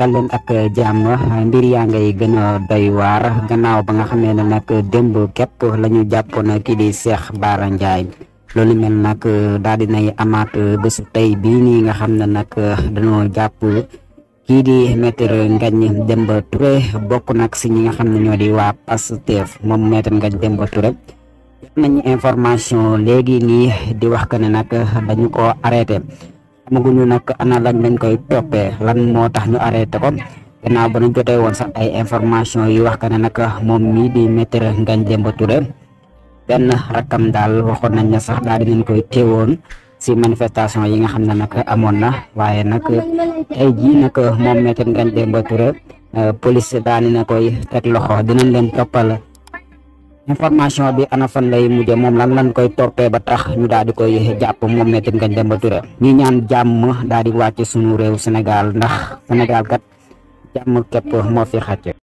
dalleen ak jàmm mbir yaa ngay gën a doy waar gannaaw ba nga xamee ne nag démb képp la ñu jàppoon kii di Cheikh Bara Ndiaye loolu mel nag daal di nay amaat bésu tey bii nii nga xam ne nag dañoo jàpp kii di maître Ngagne Demba Touré bokk nag si ñi nga xam ne ñoo di waa Pastef moom maître Ngagne Demba Touré nañ information léegi nii di wax que ne nag dañu ko arrêté. xamaguñu nag ana lañ lañ koy toppee lan moo tax ñu arrêté ko ba ñu jotee woon sax ay information yu wax ka ne nag moom mii di maître Ngagne Demba Touré benn rakkam daal waxoon nañ ne sax daal dinañ koy téewoon si manifestation yi nga xam ne nag amoon na waaye nag tey jii nag moom maître Ngagne Demba Touré euh, police daal dina koy teet loxo dinañ leen toppal information bi ana fan lay mujjee moom lan lan koy toppee ba tax ñu daal di koy jàpp moom Maître Ngagne Demba Touré ñu ñaan jàmm daal di wàcc suñu réew Sénégal ndax Sénégal kat jàmm képp moo fi xàcc